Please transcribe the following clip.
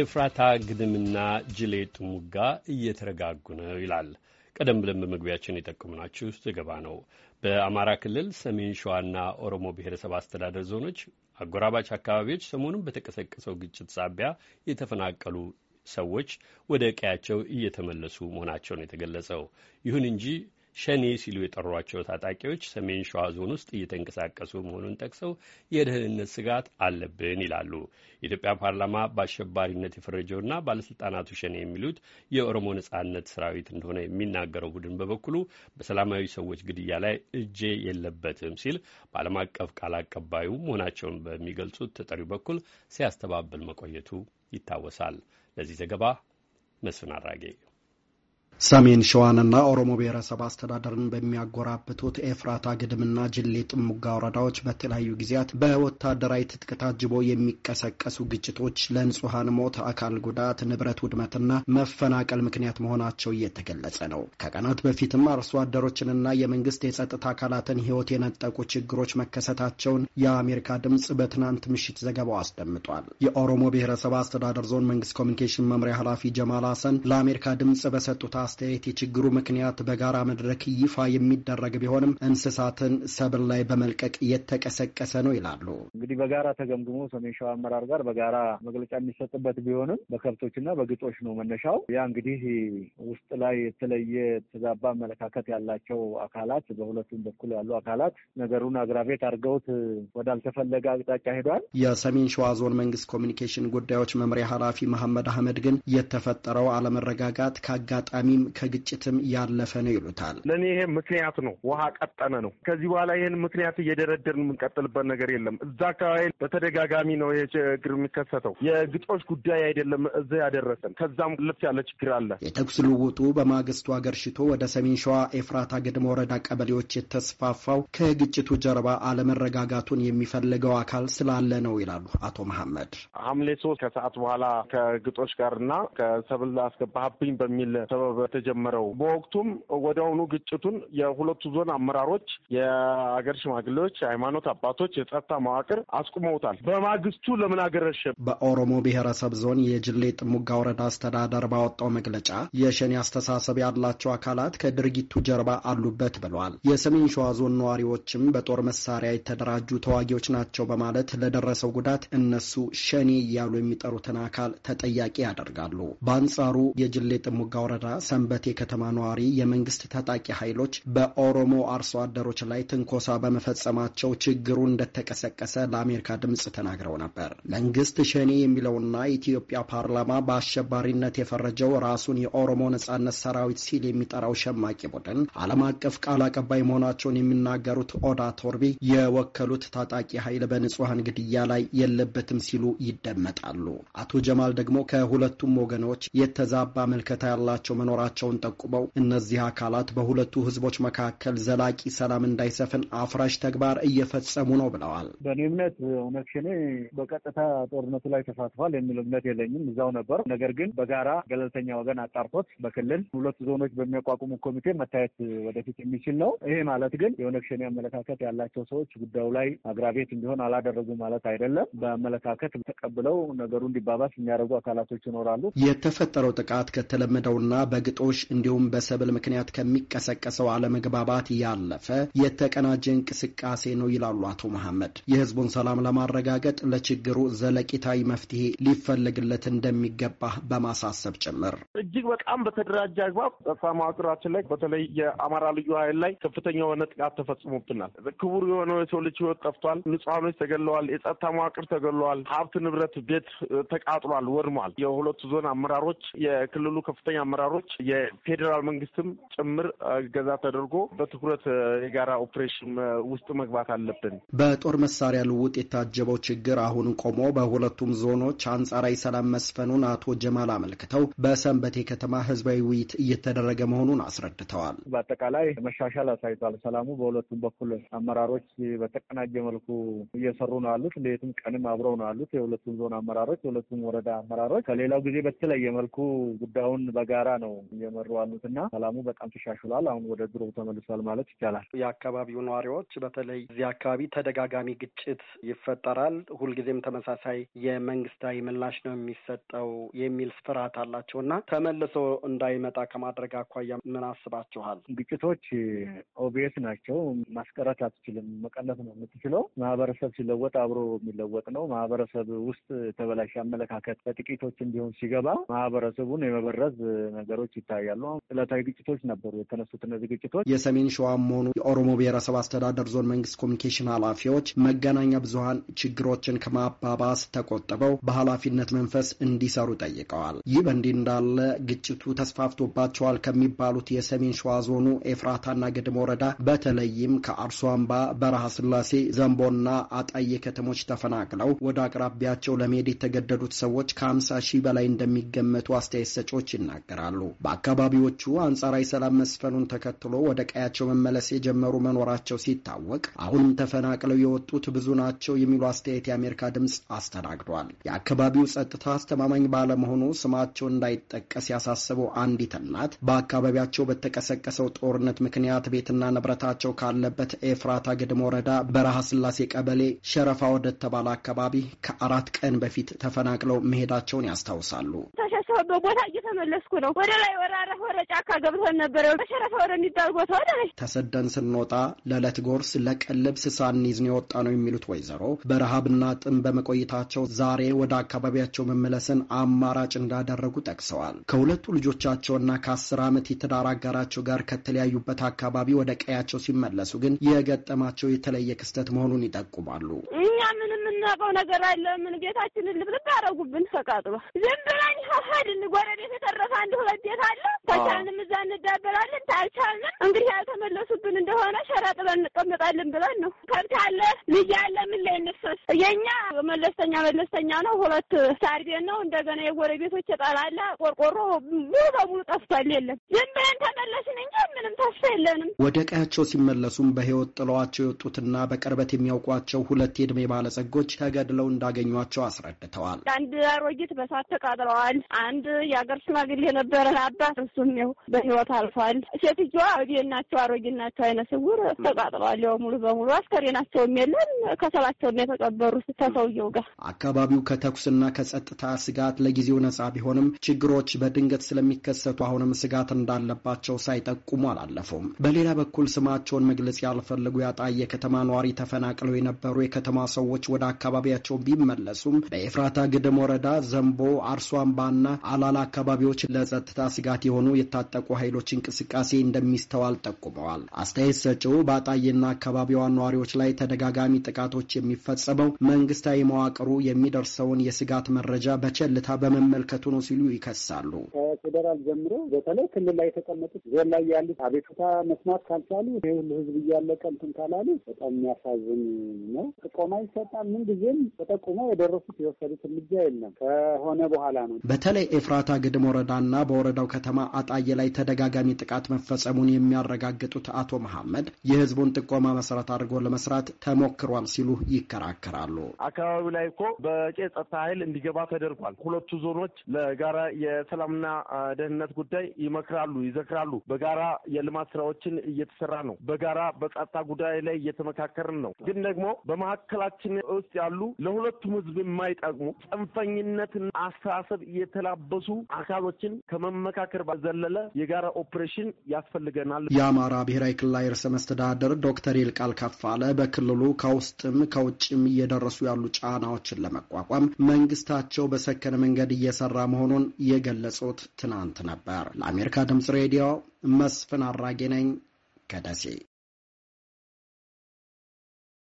ኤፍራታ ግድምና ጅሌ ጥሙጋ እየተረጋጉ ነው ይላል። ቀደም ብለን በመግቢያችን የጠቆምናችሁ ዘገባ ነው። በአማራ ክልል ሰሜን ሸዋና ኦሮሞ ብሔረሰብ አስተዳደር ዞኖች አጎራባች አካባቢዎች ሰሞኑን በተቀሰቀሰው ግጭት ሳቢያ የተፈናቀሉ ሰዎች ወደ ቀያቸው እየተመለሱ መሆናቸውን የተገለጸው። ይሁን እንጂ ሸኔ ሲሉ የጠሯቸው ታጣቂዎች ሰሜን ሸዋ ዞን ውስጥ እየተንቀሳቀሱ መሆኑን ጠቅሰው የደህንነት ስጋት አለብን ይላሉ። የኢትዮጵያ ፓርላማ በአሸባሪነት የፈረጀውና ባለስልጣናቱ ሸኔ የሚሉት የኦሮሞ ነጻነት ሰራዊት እንደሆነ የሚናገረው ቡድን በበኩሉ በሰላማዊ ሰዎች ግድያ ላይ እጄ የለበትም ሲል በዓለም አቀፍ ቃል አቀባዩ መሆናቸውን በሚገልጹት ተጠሪው በኩል ሲያስተባብል መቆየቱ ይታወሳል። ለዚህ ዘገባ መስፍን አራጌ ሰሜን ሸዋንና ኦሮሞ ብሔረሰብ አስተዳደርን በሚያጎራብቱት ኤፍራታ ግድምና ጅሌ ጥሙጋ ወረዳዎች በተለያዩ ጊዜያት በወታደራዊ ትጥቅ ታጅቦ የሚቀሰቀሱ ግጭቶች ለንጹሐን ሞት፣ አካል ጉዳት፣ ንብረት ውድመትና መፈናቀል ምክንያት መሆናቸው እየተገለጸ ነው። ከቀናት በፊትም አርሶ አደሮችንና የመንግስት የጸጥታ አካላትን ሕይወት የነጠቁ ችግሮች መከሰታቸውን የአሜሪካ ድምፅ በትናንት ምሽት ዘገባው አስደምጧል። የኦሮሞ ብሔረሰብ አስተዳደር ዞን መንግስት ኮሚኒኬሽን መምሪያ ኃላፊ ጀማል ሀሰን ለአሜሪካ ድምፅ በሰጡት አስተያየት የችግሩ ምክንያት በጋራ መድረክ ይፋ የሚደረግ ቢሆንም እንስሳትን ሰብል ላይ በመልቀቅ የተቀሰቀሰ ነው ይላሉ። እንግዲህ በጋራ ተገምግሞ ሰሜን ሸዋ አመራር ጋር በጋራ መግለጫ የሚሰጥበት ቢሆንም በከብቶችና በግጦሽ ነው መነሻው። ያ እንግዲህ ውስጥ ላይ የተለየ ተዛባ አመለካከት ያላቸው አካላት፣ በሁለቱም በኩል ያሉ አካላት ነገሩን አግራቤት አድርገውት ወዳልተፈለገ አቅጣጫ ሄዷል። የሰሜን ሸዋ ዞን መንግስት ኮሚኒኬሽን ጉዳዮች መምሪያ ኃላፊ መሐመድ አህመድ ግን የተፈጠረው አለመረጋጋት ከአጋጣሚ ከኢኮኖሚም ከግጭትም ያለፈ ነው ይሉታል። ለእኔ ይሄ ምክንያት ነው፣ ውሃ ቀጠነ ነው። ከዚህ በኋላ ይህን ምክንያት እየደረደርን የምንቀጥልበት ነገር የለም። እዛ አካባቢ በተደጋጋሚ ነው ይሄ ችግር የሚከሰተው። የግጦሽ ጉዳይ አይደለም እዚህ ያደረሰን፣ ከዛም ልፍ ያለ ችግር አለ። የተኩስ ልውጡ በማግስቱ አገርሽቶ ወደ ሰሜን ሸዋ ኤፍራታ ግድመ ወረዳ ቀበሌዎች የተስፋፋው ከግጭቱ ጀርባ አለመረጋጋቱን የሚፈልገው አካል ስላለ ነው ይላሉ አቶ መሐመድ። ሐምሌ ሶስት ከሰዓት በኋላ ከግጦሽ ጋርና ከሰብል አስገባህብኝ በሚል ሰበብ በተጀመረው በወቅቱም ወዲያውኑ ግጭቱን የሁለቱ ዞን አመራሮች፣ የአገር ሽማግሌዎች፣ የሃይማኖት አባቶች፣ የጸጥታ መዋቅር አስቁመውታል። በማግስቱ ለምን አገረሸ? በኦሮሞ ብሔረሰብ ዞን የጅሌ ጥሙጋ ወረዳ አስተዳደር ባወጣው መግለጫ የሸኔ አስተሳሰብ ያላቸው አካላት ከድርጊቱ ጀርባ አሉበት ብለዋል። የሰሜን ሸዋ ዞን ነዋሪዎችም በጦር መሳሪያ የተደራጁ ተዋጊዎች ናቸው በማለት ለደረሰው ጉዳት እነሱ ሸኔ እያሉ የሚጠሩትን አካል ተጠያቂ ያደርጋሉ። በአንጻሩ የጅሌ ጥሙጋ ወረዳ ሰንበቴ ከተማ ነዋሪ የመንግስት ታጣቂ ኃይሎች በኦሮሞ አርሶ አደሮች ላይ ትንኮሳ በመፈጸማቸው ችግሩ እንደተቀሰቀሰ ለአሜሪካ ድምፅ ተናግረው ነበር። መንግስት ሸኔ የሚለውና ኢትዮጵያ ፓርላማ በአሸባሪነት የፈረጀው ራሱን የኦሮሞ ነጻነት ሰራዊት ሲል የሚጠራው ሸማቂ ቡድን ዓለም አቀፍ ቃል አቀባይ መሆናቸውን የሚናገሩት ኦዳ ቶርቢ የወከሉት ታጣቂ ኃይል በንጹሐን ግድያ ላይ የለበትም ሲሉ ይደመጣሉ። አቶ ጀማል ደግሞ ከሁለቱም ወገኖች የተዛባ ምልከታ ያላቸው መኖራ መኖራቸውን ጠቁመው እነዚህ አካላት በሁለቱ ህዝቦች መካከል ዘላቂ ሰላም እንዳይሰፍን አፍራሽ ተግባር እየፈጸሙ ነው ብለዋል። በእኔ እምነት እውነት ሸኔ በቀጥታ ጦርነቱ ላይ ተሳትፏል የሚል እምነት የለኝም። እዛው ነበር። ነገር ግን በጋራ ገለልተኛ ወገን አጣርቶት በክልል ሁለቱ ዞኖች በሚያቋቁሙ ኮሚቴ መታየት ወደፊት የሚችል ነው። ይሄ ማለት ግን የኦነግ ሸኔ አመለካከት ያላቸው ሰዎች ጉዳዩ ላይ አግራቤት እንዲሆን አላደረጉ ማለት አይደለም። በአመለካከት ተቀብለው ነገሩ እንዲባባስ የሚያደርጉ አካላቶች ይኖራሉ። የተፈጠረው ጥቃት ከተለመደውና በግ ግጦሽ እንዲሁም በሰብል ምክንያት ከሚቀሰቀሰው አለመግባባት ያለፈ የተቀናጀ እንቅስቃሴ ነው ይላሉ አቶ መሐመድ። የህዝቡን ሰላም ለማረጋገጥ ለችግሩ ዘለቂታዊ መፍትሄ ሊፈለግለት እንደሚገባ በማሳሰብ ጭምር እጅግ በጣም በተደራጀ አግባብ ጸጥታ መዋቅራችን ላይ በተለይ የአማራ ልዩ ኃይል ላይ ከፍተኛ የሆነ ጥቃት ተፈጽሞብናል። ክቡር የሆነው የሰው ልጅ ህይወት ጠፍቷል። ንጹሐኖች ተገለዋል። የጸጥታ መዋቅር ተገለዋል። ሀብት ንብረት፣ ቤት ተቃጥሏል፣ ወድሟል። የሁለቱ ዞን አመራሮች፣ የክልሉ ከፍተኛ አመራሮች የፌዴራል መንግስትም ጭምር እገዛ ተደርጎ በትኩረት የጋራ ኦፕሬሽን ውስጥ መግባት አለብን። በጦር መሳሪያ ልውጥ የታጀበው ችግር አሁን ቆሞ በሁለቱም ዞኖች አንጻራዊ ሰላም መስፈኑን አቶ ጀማል አመልክተው በሰንበቴ ከተማ ህዝባዊ ውይይት እየተደረገ መሆኑን አስረድተዋል። በአጠቃላይ መሻሻል አሳይቷል። ሰላሙ በሁለቱም በኩል አመራሮች በተቀናጀ መልኩ እየሰሩ ነው ያሉት። ሌትም ቀንም አብረው ነው ያሉት። የሁለቱም ዞን አመራሮች፣ የሁለቱም ወረዳ አመራሮች ከሌላው ጊዜ በተለየ መልኩ ጉዳዩን በጋራ ነው እየመሩ አሉት እና ሰላሙ በጣም ተሻሽሏል። አሁን ወደ ድሮ ተመልሷል ማለት ይቻላል። የአካባቢው ነዋሪዎች በተለይ እዚህ አካባቢ ተደጋጋሚ ግጭት ይፈጠራል፣ ሁልጊዜም ተመሳሳይ የመንግስታዊ ምላሽ ነው የሚሰጠው የሚል ፍርሃት አላቸው እና ተመልሶ እንዳይመጣ ከማድረግ አኳያ ምን አስባችኋል? ግጭቶች ኦብቪየስ ናቸው። ማስቀረት አትችልም፣ መቀነስ ነው የምትችለው። ማህበረሰብ ሲለወጥ አብሮ የሚለወጥ ነው። ማህበረሰብ ውስጥ የተበላሸ አመለካከት በጥቂቶች እንዲሆን ሲገባ ማህበረሰቡን የመበረዝ ነገሮች ግጭቶች ይታያሉ። ዕለታዊ ግጭቶች ነበሩ የተነሱት እነዚህ ግጭቶች የሰሜን ሸዋም ሆኑ የኦሮሞ ብሔረሰብ አስተዳደር ዞን መንግስት ኮሚኒኬሽን ኃላፊዎች መገናኛ ብዙሀን ችግሮችን ከማባባስ ተቆጥበው በኃላፊነት መንፈስ እንዲሰሩ ጠይቀዋል። ይህ በእንዲህ እንዳለ ግጭቱ ተስፋፍቶባቸዋል ከሚባሉት የሰሜን ሸዋ ዞኑ ኤፍራታና ገድም ወረዳ በተለይም ከአርሶ አምባ፣ በረሃ ስላሴ፣ ዘንቦና አጣዬ ከተሞች ተፈናቅለው ወደ አቅራቢያቸው ለመሄድ የተገደዱት ሰዎች ከ50 ሺህ በላይ እንደሚገመቱ አስተያየት ሰጪዎች ይናገራሉ። በአካባቢዎቹ አንጻራዊ ሰላም መስፈኑን ተከትሎ ወደ ቀያቸው መመለስ የጀመሩ መኖራቸው ሲታወቅ አሁንም ተፈናቅለው የወጡት ብዙ ናቸው የሚሉ አስተያየት የአሜሪካ ድምፅ አስተናግዷል። የአካባቢው ጸጥታ አስተማማኝ ባለመሆኑ ስማቸው እንዳይጠቀስ ያሳሰበው አንዲት እናት በአካባቢያቸው በተቀሰቀሰው ጦርነት ምክንያት ቤትና ንብረታቸው ካለበት ኤፍራታ ግድም ወረዳ በረሃ ስላሴ ቀበሌ ሸረፋ ወደተባለ አካባቢ ከአራት ቀን በፊት ተፈናቅለው መሄዳቸውን ያስታውሳሉ። ከተወገው ቦታ እየተመለስኩ ነው። ወደ ላይ ወራረ ወረ ጫካ ገብተን ነበረ። መሸረፈ ወረ የሚባል ቦታ ወደ ላይ ተሰደን ስንወጣ ለዕለት ጎርስ ለቀን ልብስ ሳንይዝ ነው የወጣ ነው የሚሉት ወይዘሮ በረሃብና ጥም በመቆየታቸው ዛሬ ወደ አካባቢያቸው መመለስን አማራጭ እንዳደረጉ ጠቅሰዋል። ከሁለቱ ልጆቻቸውና ከአስር ዓመት የትዳር አጋራቸው ጋር ከተለያዩበት አካባቢ ወደ ቀያቸው ሲመለሱ ግን የገጠማቸው የተለየ ክስተት መሆኑን ይጠቁማሉ። እኛ ምን የምናውቀው ነገር አለ። ምን ቤታችንን ልብልብ ያደረጉብን ተቃጥሎ ዝም ብለን ሀሀድን ጎረቤት የተረፈ አንድ ሁለት ቤት አለ። ተቻልንም እዛ እንዳበላለን፣ ታልቻልንም እንግዲህ ያልተመለሱብን እንደሆነ ሸራ ጥለን እንቀመጣለን ብለን ነው ከብት አለ ልጅ አለ ምን ላይ እነሱስ የእኛ መለስተኛ መለስተኛ ነው። ሁለት ሳር ነው። እንደገና የጎረቤቶች የጣላላ ቆርቆሮ ሙሉ በሙሉ ጠፍቷል። የለም ዝም ብለን ተመለስን እንጂ ምንም ተስፋ የለንም። ወደ ቀያቸው ሲመለሱም በህይወት ጥለዋቸው የወጡትና በቅርበት የሚያውቋቸው ሁለት የእድሜ ባለጸጎች ተገድለው እንዳገኟቸው አስረድተዋል። አንድ አሮጊት በሳት ተቃጥለዋል። አንድ የአገር ሽማግሌ የነበረን አባት እሱም ው በህይወት አልፏል። ሴትዮዋ ወዲህ ናቸው፣ አሮጊት ናቸው፣ አይነ ስውር ተቃጥለዋል። ያው ሙሉ በሙሉ አስከሬ ናቸው ያላቸውም የለን ከሰባቸውን የተቀበሩት ተሰውየው ጋር። አካባቢው ከተኩስና ከጸጥታ ስጋት ለጊዜው ነጻ ቢሆንም ችግሮች በድንገት ስለሚከሰቱ አሁንም ስጋት እንዳለባቸው ሳይጠቁሙ አላለፉም። በሌላ በኩል ስማቸውን መግለጽ ያልፈልጉ ያጣ ከተማ ነዋሪ ተፈናቅለው የነበሩ የከተማ ሰዎች ወደ አካባቢያቸው ቢመለሱም በኤፍራታ ግድም ወረዳ ዘንቦ፣ አርሶ አምባና አላላ አካባቢዎች ለጸጥታ ስጋት የሆኑ የታጠቁ ኃይሎች እንቅስቃሴ እንደሚስተዋል ጠቁመዋል። አስተያየት ሰጪው በአጣየና አካባቢዋ ነዋሪዎች ላይ ተደጋጋሚ ጥቃቶች የሚፈጸመው መንግስታዊ መዋቅሩ የሚደርሰውን የስጋት መረጃ በቸልታ በመመልከቱ ነው ሲሉ ይከሳሉ። ከፌዴራል ጀምሮ በተለይ ክልል ላይ የተቀመጡት ዞን ላይ ያሉት አቤቱታ መስማት ካልቻሉ ይህ ሁሉ ህዝብ እያለቀ እንትን ካላሉ በጣም የሚያሳዝን ነው። ጥቆማ ይሰጣል። ምንጊዜም ተጠቁሞ የደረሱት የወሰዱት እርምጃ የለም ከሆነ በኋላ ነው። በተለይ ኤፍራታ ግድም ወረዳና በወረዳው ከተማ አጣየ ላይ ተደጋጋሚ ጥቃት መፈጸሙን የሚያረጋግጡት አቶ መሐመድ የህዝቡን ጥቆማ መሰረት አድርጎ ለመስራት ለማጥፋት ተሞክሯል ሲሉ ይከራከራሉ። አካባቢው ላይ እኮ በቄ ጸጥታ ኃይል እንዲገባ ተደርጓል። ሁለቱ ዞኖች ለጋራ የሰላምና ደህንነት ጉዳይ ይመክራሉ፣ ይዘክራሉ። በጋራ የልማት ስራዎችን እየተሰራ ነው። በጋራ በጸጥታ ጉዳይ ላይ እየተመካከርን ነው። ግን ደግሞ በመካከላችን ውስጥ ያሉ ለሁለቱም ህዝብ የማይጠቅሙ ጽንፈኝነትን አስተሳሰብ የተላበሱ አካሎችን ከመመካከር ባዘለለ የጋራ ኦፕሬሽን ያስፈልገናል። የአማራ ብሔራዊ ክልላዊ ርዕሰ መስተዳደር ዶክተር ይልቃል ከፋለ ክልሉ ከውስጥም ከውጭም እየደረሱ ያሉ ጫናዎችን ለመቋቋም መንግስታቸው በሰከነ መንገድ እየሰራ መሆኑን የገለጹት ትናንት ነበር። ለአሜሪካ ድምጽ ሬዲዮ መስፍን አራጌ ነኝ ከደሴ።